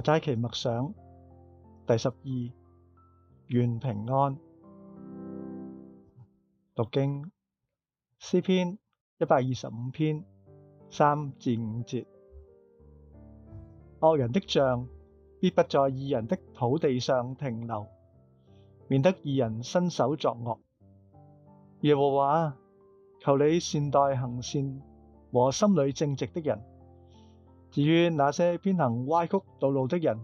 大齋期默想第十二，願平安。讀經，詩篇一百二十五篇三至五節。惡人的杖必不在義人的土地上停留，免得義人伸手作惡。耶和華，求你善待行善和心裏正直的人。至於那些偏行彎曲道路的人，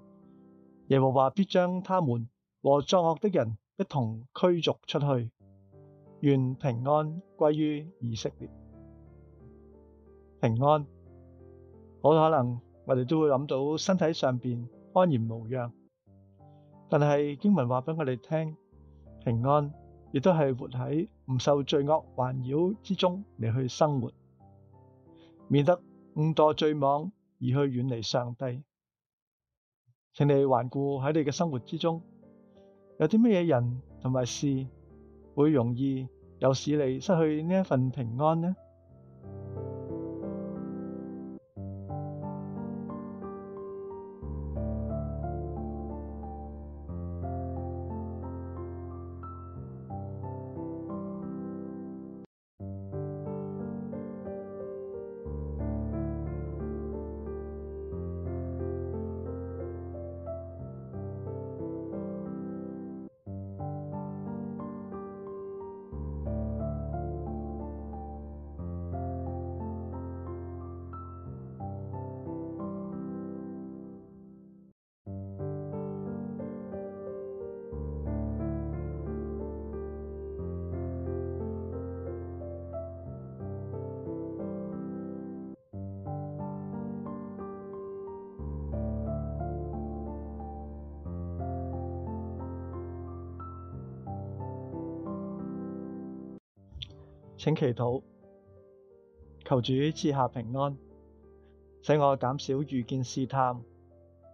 耶和華必將他們和作惡的人一同驅逐出去。願平安歸於以色列！平安，好可能我哋都會諗到身體上面安然無恙，但係經文話俾我哋聽，平安亦都係活喺唔受罪惡環繞之中嚟去生活，免得誤墮罪網。而去遠離上帝。請你環顧喺你嘅生活之中，有啲乜嘢人同埋事會容易誘使你失去呢一份平安呢？請祈禱，求主賜下平安，使我減少遇見試探，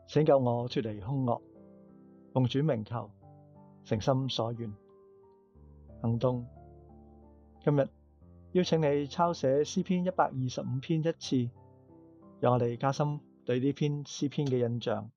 拯救我脫離凶惡。奉主名求，誠心所願，行動。今日邀請你抄寫詩篇一百二十五篇一次，讓我哋加深對呢篇詩篇嘅印象。